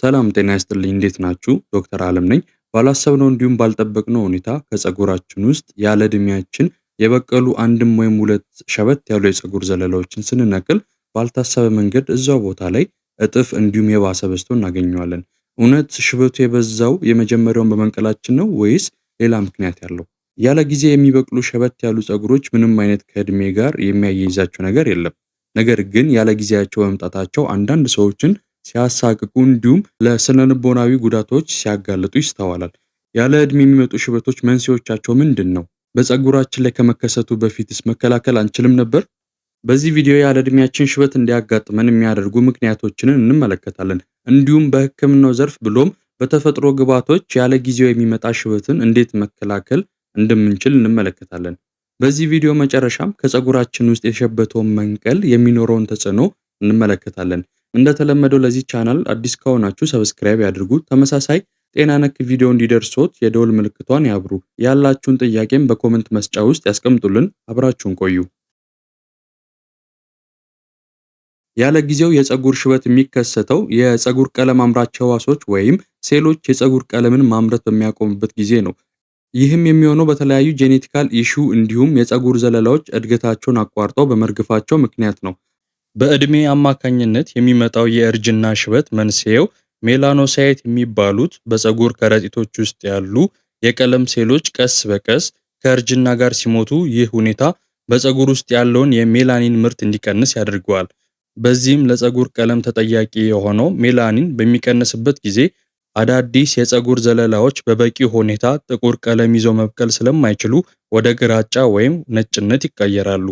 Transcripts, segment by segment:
ሰላም ጤና ይስጥልኝ። እንዴት ናችሁ? ዶክተር አለም ነኝ። ባላሰብነው እንዲሁም ባልጠበቅነው ሁኔታ ከፀጉራችን ውስጥ ያለ ዕድሜያችን የበቀሉ አንድም ወይም ሁለት ሸበት ያሉ የፀጉር ዘለላዎችን ስንነቅል ባልታሰበ መንገድ እዛው ቦታ ላይ እጥፍ እንዲሁም የባሰ በዝቶ እናገኘዋለን። እውነት ሽበቱ የበዛው የመጀመሪያውን በመንቀላችን ነው ወይስ ሌላ ምክንያት ያለው? ያለ ጊዜ የሚበቅሉ ሸበት ያሉ ፀጉሮች ምንም አይነት ከእድሜ ጋር የሚያያይዛቸው ነገር የለም። ነገር ግን ያለ ጊዜያቸው በመምጣታቸው አንዳንድ ሰዎችን ሲያሳቅቁ እንዲሁም ለስነልቦናዊ ጉዳቶች ሲያጋልጡ ይስተዋላል። ያለ ዕድሜ የሚመጡ ሽበቶች መንስኤዎቻቸው ምንድን ነው? በፀጉራችን ላይ ከመከሰቱ በፊትስ መከላከል አንችልም ነበር? በዚህ ቪዲዮ ያለ ዕድሜያችን ሽበት እንዲያጋጥመን የሚያደርጉ ምክንያቶችን እንመለከታለን። እንዲሁም በሕክምናው ዘርፍ ብሎም በተፈጥሮ ግብዓቶች ያለ ጊዜው የሚመጣ ሽበትን እንዴት መከላከል እንደምንችል እንመለከታለን። በዚህ ቪዲዮ መጨረሻም ከፀጉራችን ውስጥ የሸበተውን መንቀል የሚኖረውን ተጽዕኖ እንመለከታለን። እንደተለመደው ለዚህ ቻናል አዲስ ከሆናችሁ ሰብስክራይብ ያድርጉ። ተመሳሳይ ጤና ነክ ቪዲዮ እንዲደርሶት የደወል ምልክቷን ያብሩ። ያላችሁን ጥያቄም በኮመንት መስጫ ውስጥ ያስቀምጡልን። አብራችሁን ቆዩ። ያለ ጊዜው የፀጉር ሽበት የሚከሰተው የፀጉር ቀለም አምራች ህዋሶች ወይም ሴሎች የፀጉር ቀለምን ማምረት በሚያቆሙበት ጊዜ ነው። ይህም የሚሆነው በተለያዩ ጄኔቲካል ኢሹ እንዲሁም የፀጉር ዘለላዎች እድገታቸውን አቋርጠው በመርገፋቸው ምክንያት ነው። በዕድሜ አማካኝነት የሚመጣው የእርጅና ሽበት መንስኤው ሜላኖሳይት የሚባሉት በፀጉር ከረጢቶች ውስጥ ያሉ የቀለም ሴሎች ቀስ በቀስ ከእርጅና ጋር ሲሞቱ፣ ይህ ሁኔታ በፀጉር ውስጥ ያለውን የሜላኒን ምርት እንዲቀንስ ያደርገዋል። በዚህም ለፀጉር ቀለም ተጠያቂ የሆነው ሜላኒን በሚቀንስበት ጊዜ አዳዲስ የፀጉር ዘለላዎች በበቂ ሁኔታ ጥቁር ቀለም ይዘው መብቀል ስለማይችሉ ወደ ግራጫ ወይም ነጭነት ይቀየራሉ።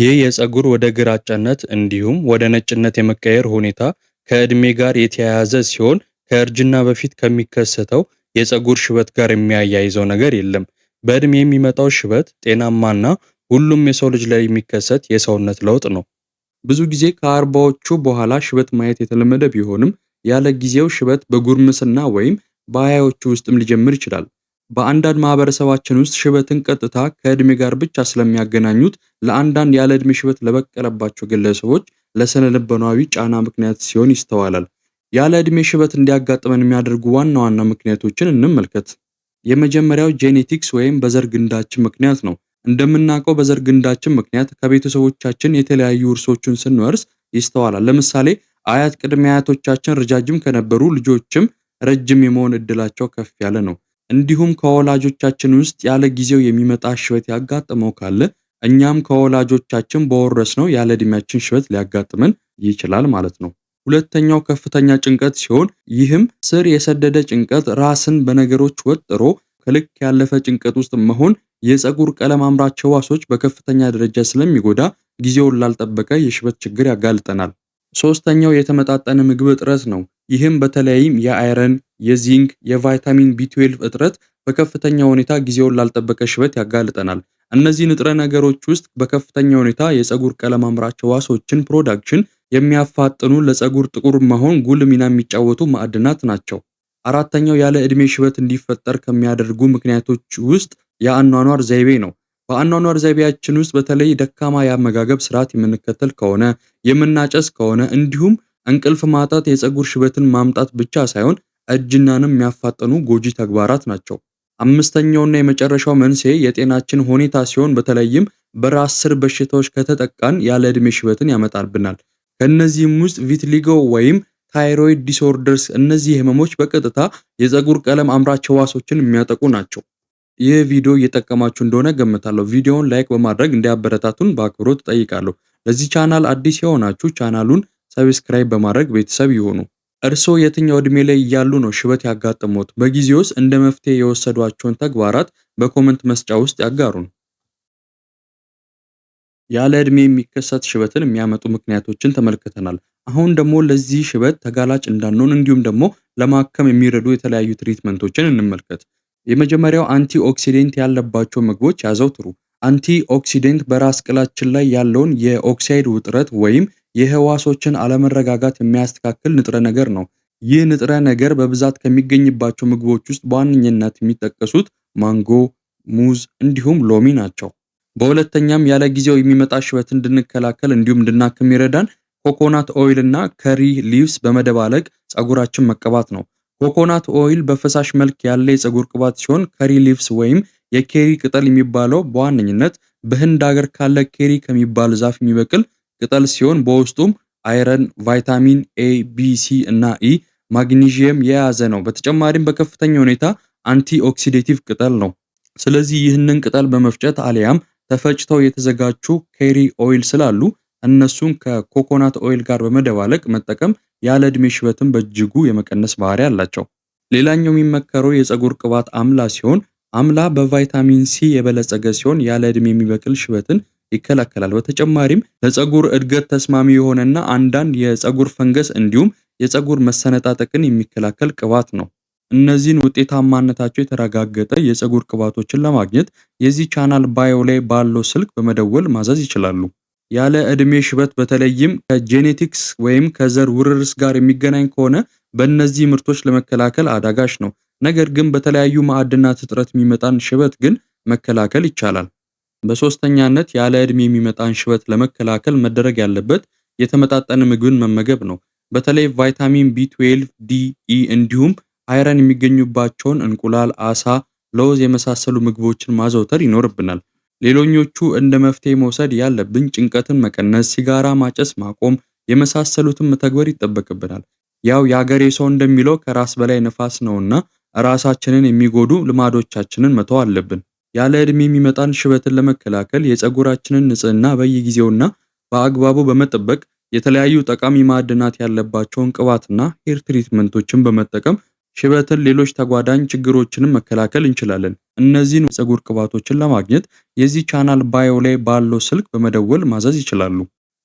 ይህ የፀጉር ወደ ግራጫነት እንዲሁም ወደ ነጭነት የመቀየር ሁኔታ ከዕድሜ ጋር የተያያዘ ሲሆን ከእርጅና በፊት ከሚከሰተው የፀጉር ሽበት ጋር የሚያያይዘው ነገር የለም። በዕድሜ የሚመጣው ሽበት ጤናማና ሁሉም የሰው ልጅ ላይ የሚከሰት የሰውነት ለውጥ ነው። ብዙ ጊዜ ከአርባዎቹ በኋላ ሽበት ማየት የተለመደ ቢሆንም ያለ ጊዜው ሽበት በጉርምስና ወይም በሀያዎቹ ውስጥም ሊጀምር ይችላል። በአንዳንድ ማህበረሰባችን ውስጥ ሽበትን ቀጥታ ከእድሜ ጋር ብቻ ስለሚያገናኙት ለአንዳንድ ያለ እድሜ ሽበት ለበቀለባቸው ግለሰቦች ለስነ ልቦናዊ ጫና ምክንያት ሲሆን ይስተዋላል። ያለ እድሜ ሽበት እንዲያጋጥመን የሚያደርጉ ዋና ዋና ምክንያቶችን እንመልከት። የመጀመሪያው ጄኔቲክስ ወይም በዘር ግንዳችን ምክንያት ነው። እንደምናውቀው በዘር ግንዳችን ምክንያት ከቤተሰቦቻችን የተለያዩ ውርሶችን ስንወርስ ይስተዋላል። ለምሳሌ አያት ቅድመ አያቶቻችን ረጃጅም ከነበሩ ልጆችም ረጅም የመሆን እድላቸው ከፍ ያለ ነው። እንዲሁም ከወላጆቻችን ውስጥ ያለ ጊዜው የሚመጣ ሽበት ያጋጠመው ካለ እኛም ከወላጆቻችን በወረስነው ያለ ዕድሜያችን ሽበት ሊያጋጥመን ይችላል ማለት ነው። ሁለተኛው ከፍተኛ ጭንቀት ሲሆን ይህም ስር የሰደደ ጭንቀት፣ ራስን በነገሮች ወጥሮ ከልክ ያለፈ ጭንቀት ውስጥ መሆን የፀጉር ቀለም አምራች ሕዋሶች በከፍተኛ ደረጃ ስለሚጎዳ ጊዜውን ላልጠበቀ የሽበት ችግር ያጋልጠናል። ሶስተኛው የተመጣጠነ ምግብ እጥረት ነው። ይህም በተለይም የአይረን፣ የዚንክ፣ የቫይታሚን ቢ12 እጥረት በከፍተኛ ሁኔታ ጊዜውን ላልጠበቀ ሽበት ያጋልጠናል። እነዚህ ንጥረ ነገሮች ውስጥ በከፍተኛ ሁኔታ የፀጉር ቀለም አምራች ዋሶችን ፕሮዳክሽን የሚያፋጥኑ ለፀጉር ጥቁር መሆን ጉልህ ሚና የሚጫወቱ ማዕድናት ናቸው። አራተኛው ያለ ዕድሜ ሽበት እንዲፈጠር ከሚያደርጉ ምክንያቶች ውስጥ የአኗኗር ዘይቤ ነው። በአኗኗር ዘይቤያችን ውስጥ በተለይ ደካማ የአመጋገብ ስርዓት የምንከተል ከሆነ የምናጨስ ከሆነ እንዲሁም እንቅልፍ ማጣት የፀጉር ሽበትን ማምጣት ብቻ ሳይሆን እርጅናንም የሚያፋጠኑ ጎጂ ተግባራት ናቸው። አምስተኛውና የመጨረሻው መንስኤ የጤናችን ሁኔታ ሲሆን በተለይም በራስ ስር በሽታዎች ከተጠቃን ያለ ዕድሜ ሽበትን ያመጣብናል። ከእነዚህም ውስጥ ቪትሊጎ ወይም ታይሮይድ ዲስኦርደርስ፣ እነዚህ ህመሞች በቀጥታ የፀጉር ቀለም አምራች ህዋሶችን የሚያጠቁ ናቸው። ይህ ቪዲዮ እየጠቀማችሁ እንደሆነ ገምታለሁ። ቪዲዮውን ላይክ በማድረግ እንዲያበረታቱን በአክብሮት ጠይቃለሁ። ለዚህ ቻናል አዲስ የሆናችሁ ቻናሉን ሰብስክራይብ በማድረግ ቤተሰብ ይሆኑ። እርስዎ የትኛው እድሜ ላይ እያሉ ነው ሽበት ያጋጠመዎት? በጊዜ ውስጥ እንደ መፍትሄ የወሰዷቸውን ተግባራት በኮመንት መስጫ ውስጥ ያጋሩን። ያለ እድሜ የሚከሰት ሽበትን የሚያመጡ ምክንያቶችን ተመልክተናል። አሁን ደግሞ ለዚህ ሽበት ተጋላጭ እንዳንሆን እንዲሁም ደግሞ ለማከም የሚረዱ የተለያዩ ትሪትመንቶችን እንመልከት። የመጀመሪያው አንቲ ኦክሲደንት ያለባቸው ምግቦች ያዘውትሩ። አንቲ ኦክሲደንት በራስ ቅላችን ላይ ያለውን የኦክሳይድ ውጥረት ወይም የህዋሶችን አለመረጋጋት የሚያስተካክል ንጥረ ነገር ነው። ይህ ንጥረ ነገር በብዛት ከሚገኝባቸው ምግቦች ውስጥ በዋነኝነት የሚጠቀሱት ማንጎ፣ ሙዝ እንዲሁም ሎሚ ናቸው። በሁለተኛም ያለ ጊዜው የሚመጣ ሽበት እንድንከላከል እንዲሁም እንድናክም ይረዳን ኮኮናት ኦይል እና ከሪ ሊቭስ በመደባለቅ ጸጉራችን መቀባት ነው። ኮኮናት ኦይል በፈሳሽ መልክ ያለ የፀጉር ቅባት ሲሆን ከሪ ሊቭስ ወይም የኬሪ ቅጠል የሚባለው በዋነኝነት በህንድ ሀገር ካለ ኬሪ ከሚባል ዛፍ የሚበቅል ቅጠል ሲሆን በውስጡም አይረን፣ ቫይታሚን ኤ፣ ቢ፣ ሲ እና ኢ ማግኒዥየም የያዘ ነው። በተጨማሪም በከፍተኛ ሁኔታ አንቲ ኦክሲዴቲቭ ቅጠል ነው። ስለዚህ ይህንን ቅጠል በመፍጨት አሊያም ተፈጭተው የተዘጋጁ ኬሪ ኦይል ስላሉ እነሱን ከኮኮናት ኦይል ጋር በመደባለቅ መጠቀም ያለ እድሜ ሽበትን በእጅጉ የመቀነስ ባህሪ አላቸው። ሌላኛው የሚመከረው የፀጉር ቅባት አምላ ሲሆን አምላ በቫይታሚን ሲ የበለጸገ ሲሆን ያለ እድሜ የሚበቅል ሽበትን ይከላከላል። በተጨማሪም ለፀጉር እድገት ተስማሚ የሆነና አንዳንድ የፀጉር ፈንገስ እንዲሁም የፀጉር መሰነጣጠቅን የሚከላከል ቅባት ነው። እነዚህን ውጤታማነታቸው የተረጋገጠ የፀጉር ቅባቶችን ለማግኘት የዚህ ቻናል ባዮ ላይ ባለው ስልክ በመደወል ማዘዝ ይችላሉ። ያለ ዕድሜ ሽበት በተለይም ከጄኔቲክስ ወይም ከዘር ውርርስ ጋር የሚገናኝ ከሆነ በእነዚህ ምርቶች ለመከላከል አዳጋች ነው። ነገር ግን በተለያዩ ማዕድናት እጥረት የሚመጣን ሽበት ግን መከላከል ይቻላል። በሶስተኛነት ያለ ዕድሜ የሚመጣን ሽበት ለመከላከል መደረግ ያለበት የተመጣጠነ ምግብን መመገብ ነው። በተለይ ቫይታሚን ቢ12፣ ዲ፣ ኢ እንዲሁም አይረን የሚገኙባቸውን እንቁላል፣ አሳ፣ ለውዝ የመሳሰሉ ምግቦችን ማዘውተር ይኖርብናል። ሌሎኞቹ እንደ መፍትሄ መውሰድ ያለብን ጭንቀትን መቀነስ፣ ሲጋራ ማጨስ ማቆም የመሳሰሉትን መተግበር ይጠበቅብናል። ያው የአገሬ ሰው እንደሚለው ከራስ በላይ ነፋስ ነውና ራሳችንን የሚጎዱ ልማዶቻችንን መተው አለብን። ያለ ዕድሜ የሚመጣን ሽበትን ለመከላከል የፀጉራችንን ንጽህና በየጊዜውና በአግባቡ በመጠበቅ የተለያዩ ጠቃሚ ማዕድናት ያለባቸውን ቅባትና ሄር ትሪትመንቶችን በመጠቀም ሽበትን፣ ሌሎች ተጓዳኝ ችግሮችንም መከላከል እንችላለን። እነዚህን የፀጉር ቅባቶችን ለማግኘት የዚህ ቻናል ባዮ ላይ ባለው ስልክ በመደወል ማዘዝ ይችላሉ።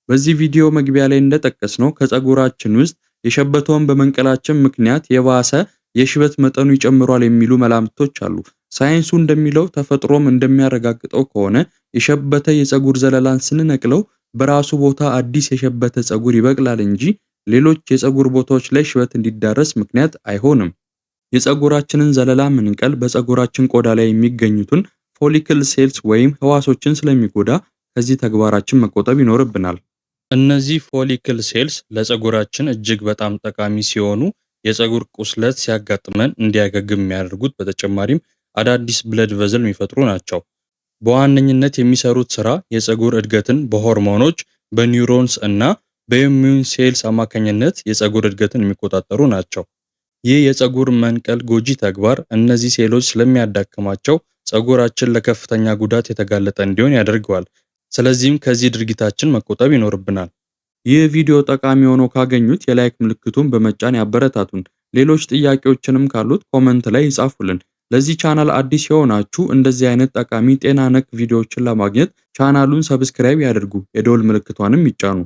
በዚህ ቪዲዮ መግቢያ ላይ እንደጠቀስነው ከፀጉራችን ውስጥ የሸበተውን በመንቀላችን ምክንያት የባሰ የሽበት መጠኑ ይጨምሯል የሚሉ መላምቶች አሉ። ሳይንሱ እንደሚለው ተፈጥሮም እንደሚያረጋግጠው ከሆነ የሸበተ የፀጉር ዘለላን ስንነቅለው በራሱ ቦታ አዲስ የሸበተ ፀጉር ይበቅላል እንጂ ሌሎች የፀጉር ቦታዎች ላይ ሽበት እንዲዳረስ ምክንያት አይሆንም። የፀጉራችንን ዘለላ ምንቀል በፀጉራችን ቆዳ ላይ የሚገኙትን ፎሊክል ሴልስ ወይም ህዋሶችን ስለሚጎዳ ከዚህ ተግባራችን መቆጠብ ይኖርብናል። እነዚህ ፎሊክል ሴልስ ለፀጉራችን እጅግ በጣም ጠቃሚ ሲሆኑ የፀጉር ቁስለት ሲያጋጥመን እንዲያገግም የሚያደርጉት በተጨማሪም አዳዲስ ብለድ ቨዝል የሚፈጥሩ ናቸው። በዋነኝነት የሚሰሩት ስራ የፀጉር እድገትን በሆርሞኖች በኒውሮንስ እና በኢሚዩን ሴልስ አማካኝነት የፀጉር እድገትን የሚቆጣጠሩ ናቸው። ይህ የፀጉር መንቀል ጎጂ ተግባር እነዚህ ሴሎች ስለሚያዳክማቸው ፀጉራችን ለከፍተኛ ጉዳት የተጋለጠ እንዲሆን ያደርገዋል። ስለዚህም ከዚህ ድርጊታችን መቆጠብ ይኖርብናል። ይህ ቪዲዮ ጠቃሚ ሆኖ ካገኙት የላይክ ምልክቱን በመጫን ያበረታቱን። ሌሎች ጥያቄዎችንም ካሉት ኮመንት ላይ ይጻፉልን። ለዚህ ቻናል አዲስ የሆናችሁ እንደዚህ አይነት ጠቃሚ ጤና ነክ ቪዲዮዎችን ለማግኘት ቻናሉን ሰብስክራይብ ያድርጉ፣ የደወል ምልክቷንም ይጫኑ።